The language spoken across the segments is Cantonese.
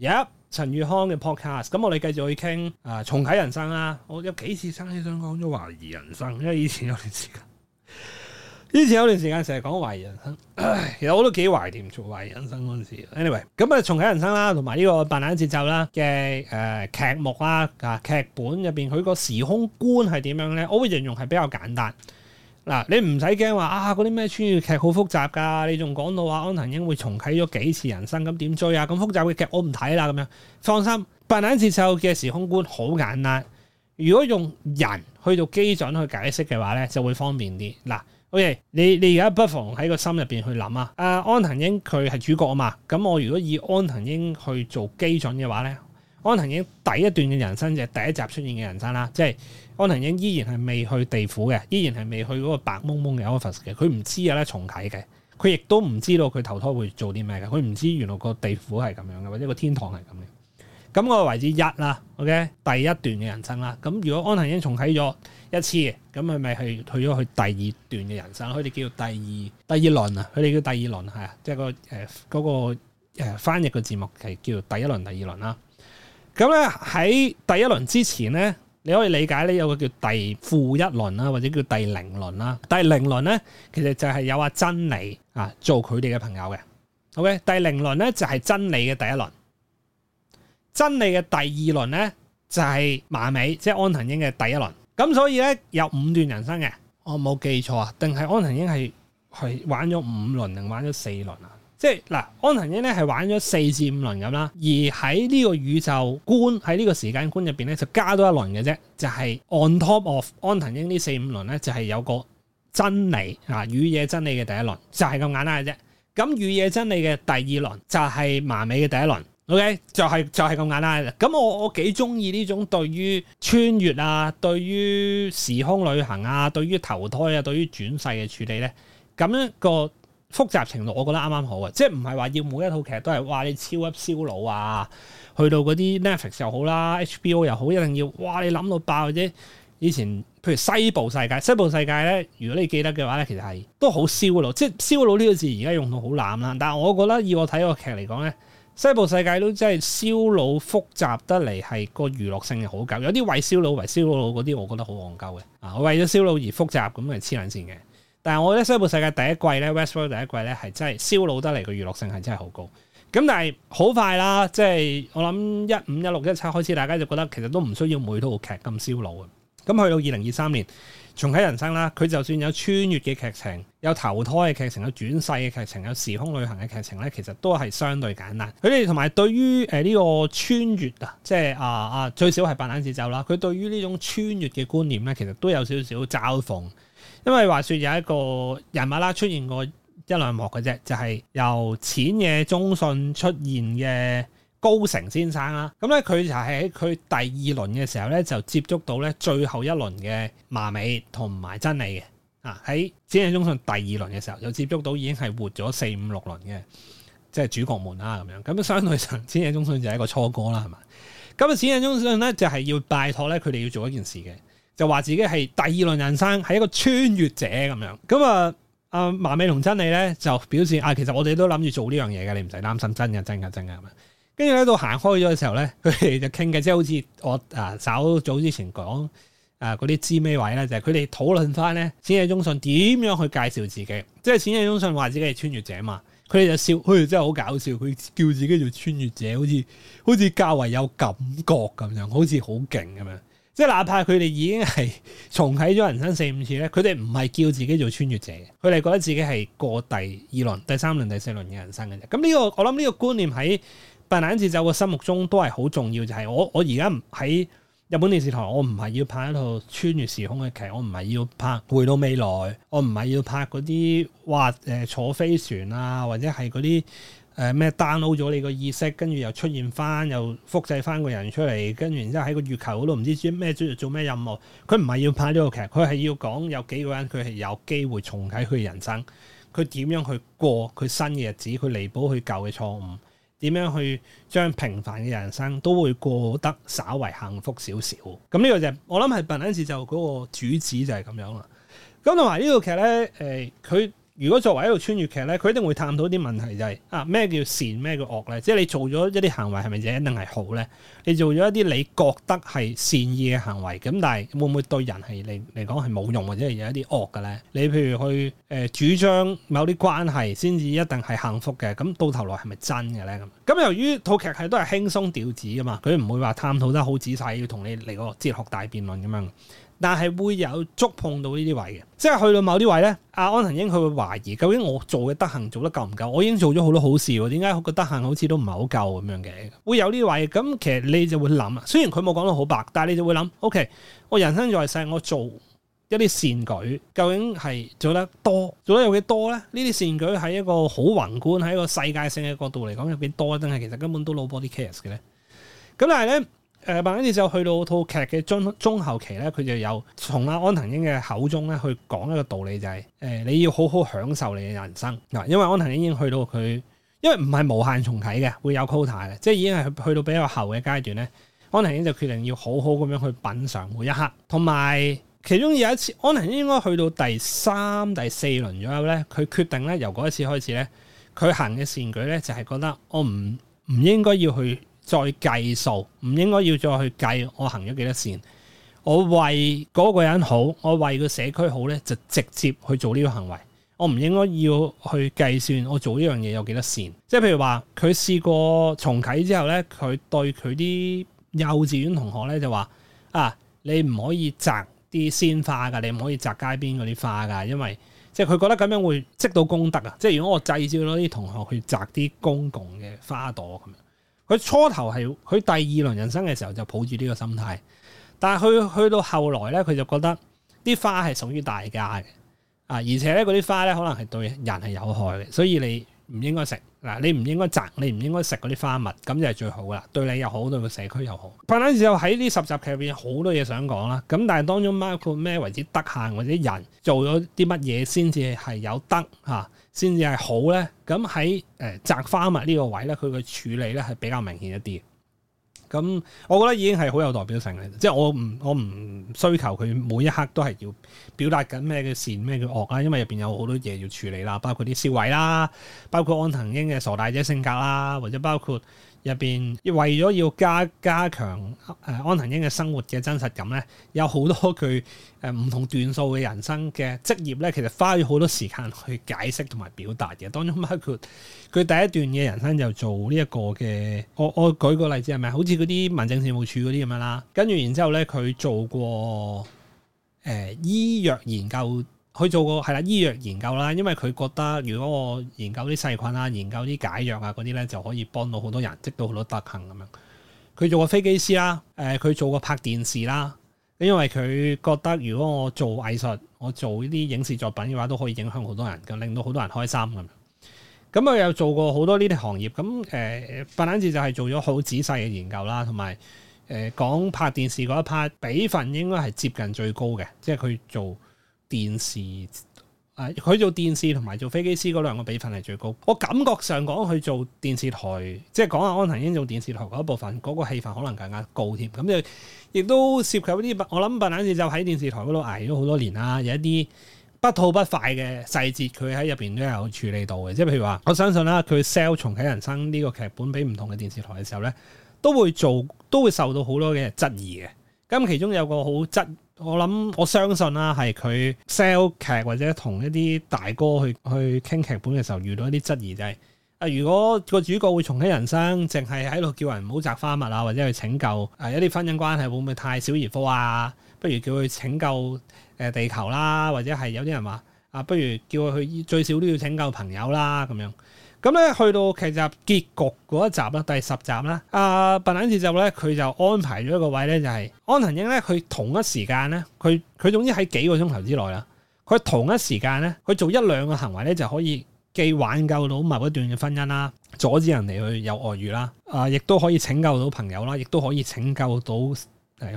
有一陳宇康嘅 podcast，咁我哋繼續去傾啊、呃、重啟人生啦、啊。我有幾次生起想講咗懷疑人生，因為以前有段時間， 以前有段時間成日講懷疑人生，其實我都幾懷念做懷疑人生嗰陣時。anyway，咁、嗯、啊重啟人生啦、啊，同埋呢個扮懶節奏啦嘅，誒，劇、呃、目啊啊劇本入邊佢個時空觀係點樣咧？我會形容係比較簡單。嗱、啊，你唔使驚話啊，嗰啲咩穿越劇好複雜噶，你仲講到話安藤英會重啟咗幾次人生，咁點追啊？咁複雜嘅劇我唔睇啦，咁樣放心。笨蛋節奏嘅時空觀好簡單，如果用人去到基準去解釋嘅話咧，就會方便啲。嗱，OK，你你而家不妨喺個心入邊去諗啊。啊，安藤英佢係主角啊嘛，咁我如果以安藤英去做基準嘅話咧。安藤櫻第一段嘅人生就係第一集出現嘅人生啦，即係安藤櫻依然係未去地府嘅，依然係未去嗰個白蒙蒙嘅 office 嘅，佢唔知有得重啟嘅，佢亦都唔知道佢投胎會做啲咩嘅，佢唔知原來個地府係咁樣嘅，或者個天堂係咁嘅。咁我為之一啦，OK，第一段嘅人生啦。咁如果安藤櫻重啟咗一次，咁佢咪係去咗去第二段嘅人生？佢哋叫第二、第二輪啊，佢哋叫第二輪係啊，即係、就係嗰個誒嗰、嗰個誒翻譯嘅字幕係叫第一輪、第二輪啦。咁咧喺第一輪之前咧，你可以理解咧有個叫第負一輪啦，或者叫第零輪啦。第零輪咧，其實就係有阿珍妮啊，啊做佢哋嘅朋友嘅。OK，第零輪咧就係、是、真理嘅第一輪，真理嘅第二輪咧就係麻美，即、就、係、是、安藤英嘅第一輪。咁所以咧有五段人生嘅，我冇記錯啊，定係安藤英係去玩咗五輪定玩咗四輪啊？即係嗱，安藤英咧係玩咗四至五輪咁啦，而喺呢個宇宙觀喺呢個時間觀入邊咧，就加多一輪嘅啫，就係、是、on top of 安藤英呢四五輪咧，就係、是、有個真理啊，雨夜真理嘅第一輪就係、是、咁簡單嘅啫。咁雨夜真理嘅第二輪就係麻尾嘅第一輪，OK 就係、是、就係、是、咁簡單。咁我我幾中意呢種對於穿越啊、對於時空旅行啊、對於投胎啊、對於轉世嘅處理咧，咁、那、樣個複雜程度我覺得啱啱好啊，即係唔係話要每一套劇都係哇你超級燒腦啊，去到嗰啲 Netflix 又好啦，HBO 又好，一定要哇你諗到爆，或者以前譬如西《西部世界》，《西部世界》咧，如果你記得嘅話咧，其實係都好燒腦，即係燒腦呢個字而家用到好濫啦。但係我覺得以我睇個劇嚟講咧，《西部世界》都真係燒腦複雜得嚟係個娛樂性係好夠，有啲為燒腦為燒腦嗰啲，我覺得好戇鳩嘅啊！我為咗燒腦而複雜咁係黐撚線嘅。但係我覺得西部世界第一季咧，Westworld 第一季咧，係真係燒腦得嚟，個娛樂性係真係好高。咁但係好快啦，即係我諗一五一六一七開始，大家就覺得其實都唔需要每套劇咁燒腦嘅。咁去到二零二三年，《重啟人生》啦，佢就算有穿越嘅劇情、有投胎嘅劇情、有轉世嘅劇情、有時空旅行嘅劇情咧，其實都係相對簡單。佢哋同埋對於誒呢個穿越啊，即係啊啊最少係扮萬節奏啦。佢對於呢種穿越嘅觀念咧，其實都有少少嘲諷。因為話說有一個人物啦，出現過一兩幕嘅啫，就係、是、由淺野中信出現嘅高成先生啦。咁咧佢就係喺佢第二輪嘅時候咧，就接觸到咧最後一輪嘅麻美同埋真理嘅啊。喺淺野中信第二輪嘅時候，就接觸到已經係活咗四五六輪嘅，即、就、係、是、主角們啦咁樣。咁相對上淺野中信就係一個初哥啦，係嘛？咁啊，淺野中信咧就係要拜託咧，佢哋要做一件事嘅。就話自己係第二輪人生，係一個穿越者咁樣。咁啊，阿、啊、麻美同真理咧就表示啊，其實我哋都諗住做呢樣嘢嘅，你唔使擔心，真嘅，真嘅，真嘅係咪？跟住喺度行開咗嘅時候咧，佢哋就傾嘅，即係好似我啊稍早之前講啊嗰啲知咩位咧，就係佢哋討論翻咧，淺野忠信點樣去介紹自己，即係淺野忠信話自己係穿越者嘛。佢哋就笑，佢、哎、哋真係好搞笑，佢叫自己做穿越者，好似好似較爲有感覺咁樣，好似好勁咁樣。即係哪怕佢哋已經係重啟咗人生四五次咧，佢哋唔係叫自己做穿越者，佢哋覺得自己係過第二輪、第三輪、第四輪嘅人生嘅啫。咁呢、呢個我諗呢個觀念喺《笨蛋節奏》嘅心目中都係好重要，就係、係、我我而家唔喺日本電視台，我唔係要拍一套穿越時空嘅劇，我唔係要拍回到未來，我唔係要拍嗰啲哇誒、呃、坐飛船啊，或者係嗰啲。誒咩 download 咗你個意識，跟住又出現翻，又複製翻個人出嚟，跟住然之後喺個月球度唔知專咩專做咩任務。佢唔係要拍呢個劇，佢係要講有幾個人佢係有機會重啟佢人生，佢點樣去過佢新嘅日子，去彌補佢舊嘅錯誤，點樣去將平凡嘅人生都會過得稍為幸福少少。咁、嗯、呢、呢個就係、我諗係《笨日之》就嗰個主旨就係咁樣啦。咁同埋呢套劇咧，誒、欸、佢。如果作為一個穿越劇咧，佢一定會探討啲問題、就係，就係啊咩叫善咩叫惡咧？即係你做咗一啲行為係咪就一定係好咧？你做咗一啲你覺得係善意嘅行為，咁但係會唔會對人係嚟嚟講係冇用或者係有一啲惡嘅咧？你譬如去誒主張某啲關係先至一定係幸福嘅，咁到頭來係咪真嘅咧？咁咁由於套劇係都係輕鬆調子噶嘛，佢唔會話探討得好仔細，要同你嚟個哲學大辯論咁樣。但係會有觸碰到呢啲位嘅，即係去到某啲位呢，阿安藤英佢會懷疑究竟我做嘅德行做得夠唔夠？我已經做咗好多好事喎，點解個德行好似都唔係好夠咁樣嘅？會有呢啲位，咁其實你就會諗啊。雖然佢冇講到好白，但係你就會諗，OK，我人生在世，我做一啲善舉，究竟係做得多，做得有幾多，多呢？呢啲善舉喺一個好宏觀，喺一個世界性嘅角度嚟講，有幾多真係其實根本都 body c a r e s 嘅咧。咁但係咧。誒，之後就去到套劇嘅中中後期咧，佢就有從阿安藤英嘅口中咧去講一個道理，就是，就係誒你要好好享受你嘅人生嗱，因為安藤英已經去到佢，因為唔係無限重啟嘅，會有 quota 嘅，即係已經係去到比較後嘅階段咧。安藤英就決定要好好咁樣去品嚐每一刻，同埋其中有一次，安藤英應該去到第三、第四輪左右咧，佢決定咧由嗰一次開始咧，佢行嘅善舉咧就係覺得我唔唔應該要去再計數，唔應該要再去計我行咗幾多線。我為嗰個人好，我為個社區好咧，就直接去做呢個行為。我唔應該要去計算我做呢樣嘢有幾多線。即係譬如話，佢試過重啟之後咧，佢對佢啲幼稚園同學咧就話：啊，你唔可以摘啲鮮花㗎，你唔可以摘街邊嗰啲花㗎，因為即係佢覺得咁樣會積到功德啊！即係如果我制止咗啲同學去摘啲公共嘅花朵咁樣。佢初頭係佢第二輪人生嘅時候就抱住呢個心態，但係去去到後來咧，佢就覺得啲花係屬於大家嘅，啊，而且咧嗰啲花咧可能係對人係有害嘅，所以你。唔應該食嗱，你唔應該摘，你唔應該食嗰啲花蜜，咁就係最好啦，對你又好，對個社區又好。彭丹時候，喺呢十集劇入邊好多嘢想講啦，咁但係當中包括咩為之得閒，或者人做咗啲乜嘢先至係有得嚇，先至係好咧。咁喺誒摘花蜜呢個位咧，佢嘅處理咧係比較明顯一啲。咁、嗯，我覺得已經係好有代表性嘅，即係我唔我唔需求佢每一刻都係要表達緊咩嘅善咩嘅惡啊，因為入邊有好多嘢要處理啦，包括啲笑位啦，包括安藤櫻嘅傻大姐性格啦，或者包括。入邊，為咗要加加強誒、呃、安藤英嘅生活嘅真實感咧，有好多佢誒唔同段數嘅人生嘅職業咧，其實花咗好多時間去解釋同埋表達嘅。當中包括佢第一段嘅人生就做呢一個嘅，我我舉個例子係咪？好似嗰啲民政事務處嗰啲咁樣啦，跟住然之後咧，佢做過誒、呃、醫藥研究。佢做過係啦，醫藥研究啦，因為佢覺得如果我研究啲細菌啊、研究啲解藥啊嗰啲咧，就可以幫到好多人，積到好多德行咁樣。佢做過飛機師啦，誒、呃，佢做過拍電視啦，因為佢覺得如果我做藝術，我做呢啲影視作品嘅話，都可以影響好多人，咁令到好多人開心咁，咁佢又做過好多呢啲行業，咁誒，畢打字就係做咗好仔細嘅研究啦，同埋誒講拍電視嗰一拍，比分應該係接近最高嘅，即係佢做。電視啊，佢、呃、做電視同埋做飛機師嗰兩個比分係最高。我感覺上講，佢做電視台，即係講下安藤英做電視台嗰一部分，嗰、那個戲份可能更加高添。咁就亦都涉及啲，我諗笨蛋子就喺電視台嗰度挨咗好多年啦。有一啲不吐不快嘅細節，佢喺入邊都有處理到嘅。即係譬如話，我相信啦，佢 sell 重啟人生呢、這個劇本俾唔同嘅電視台嘅時候呢，都會做，都會受到好多嘅質疑嘅。咁其中有個好質。我諗我相信啦，係佢 sell 劇或者同一啲大哥去去傾劇本嘅時候遇到一啲質疑就係、是、啊，如果個主角會重啟人生，淨係喺度叫人唔好摘花蜜啊，或者去拯救啊一啲婚姻關係，會唔會太小兒科啊？不如叫佢拯救誒地球啦，或者係有啲人話啊，不如叫佢去最少都要拯救朋友啦咁樣。咁咧去到劇集結局嗰一集啦，第十集啦，啊《笨蛋節奏》咧，佢就安排咗一個位咧、就是，就係安藤英咧，佢同一時間咧，佢佢總之喺幾個鐘頭之內啦，佢同一時間咧，佢做一兩個行為咧，就可以既挽救到某一段嘅婚姻啦，阻止人哋去有外遇啦，啊，亦都可以拯救到朋友啦，亦都可以拯救到誒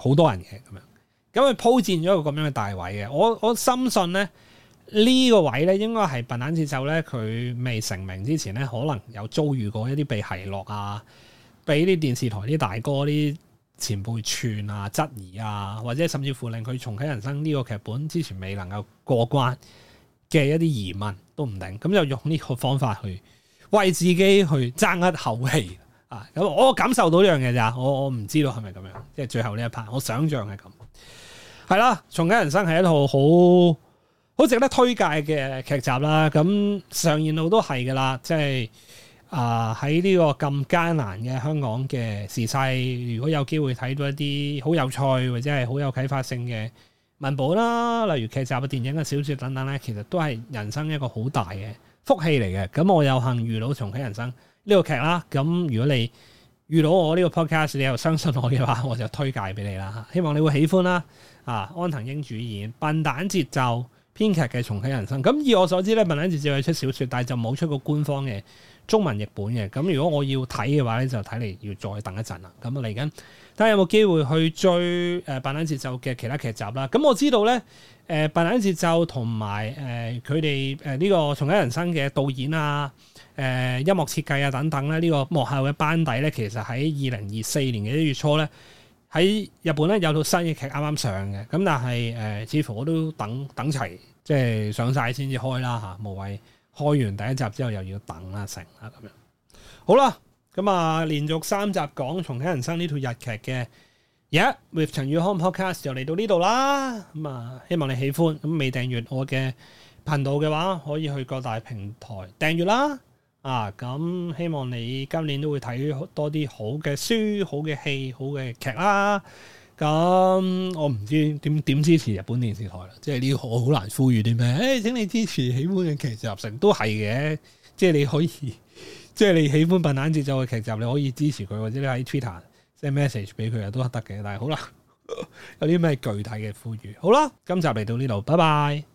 好多人嘅咁樣，咁佢鋪墊咗一個咁樣嘅大位嘅，我我深信咧。呢個位咧，應該係《笨蛋節奏》咧，佢未成名之前咧，可能有遭遇過一啲被奚落啊，俾啲電視台啲大哥啲前輩串啊、質疑啊，或者甚至乎令佢《重啟人生》呢個劇本之前未能夠過關嘅一啲疑問都唔定，咁就用呢個方法去為自己去爭一口氣啊！咁我感受到呢樣嘢咋，我我唔知道係咪咁樣，即係最後呢一 part，我想象係咁，係啦，《重啟人生》係一套好。好值得推介嘅劇集啦，咁上沿路都係噶啦，即係啊，喺呢個咁艱難嘅香港嘅時勢，如果有機會睇到一啲好有趣或者係好有啟發性嘅文本啦，例如劇集、電影、嘅小說等等咧，其實都係人生一個好大嘅福氣嚟嘅。咁我有幸遇到《重啟人生》呢個劇啦，咁如果你遇到我呢個 podcast，你又相信我嘅話，我就推介俾你啦。希望你會喜歡啦。啊，安藤英主演《笨蛋節奏》。編劇嘅《重啟人生》，咁以我所知咧，《笨蛋節奏》係出小說，但係就冇出過官方嘅中文譯本嘅。咁如果我要睇嘅話咧，就睇嚟要再等一陣啦。咁啊嚟緊，睇下有冇機會去追誒《笨蛋節奏》嘅其他劇集啦。咁、嗯、我知道咧，誒《笨蛋節奏》同埋誒佢哋誒呢個《重啟人生》嘅導演啊、誒、呃、音樂設計啊等等咧，呢、這個幕後嘅班底咧，其實喺二零二四年嘅一月初咧。喺日本咧，有套新嘅劇啱啱上嘅，咁但係誒、呃，似乎我都等等齊，即係上晒先至開啦嚇、啊，無謂開完第一集之後又要等啦、啊、成啊咁樣。好啦，咁啊連續三集講《重啟人生》呢套日劇嘅，而、yeah, 家 with 陳宇康 Podcast 就嚟到呢度啦，咁、嗯、啊希望你喜歡，咁未訂閱我嘅頻道嘅話，可以去各大平台訂閱啦。啊，咁希望你今年都會睇多啲好嘅書、好嘅戲、好嘅劇啦。咁我唔知點點支持日本電視台啦，即係你好難呼籲啲咩。誒、欸，請你支持喜歡嘅劇集，成都係嘅。即係你可以，即係你喜歡笨蛋節奏嘅劇集，你可以支持佢，或者你喺 Twitter 即 message 俾佢啊，都得嘅。但係好啦， 有啲咩具體嘅呼籲？好啦，今集嚟到呢度，拜拜。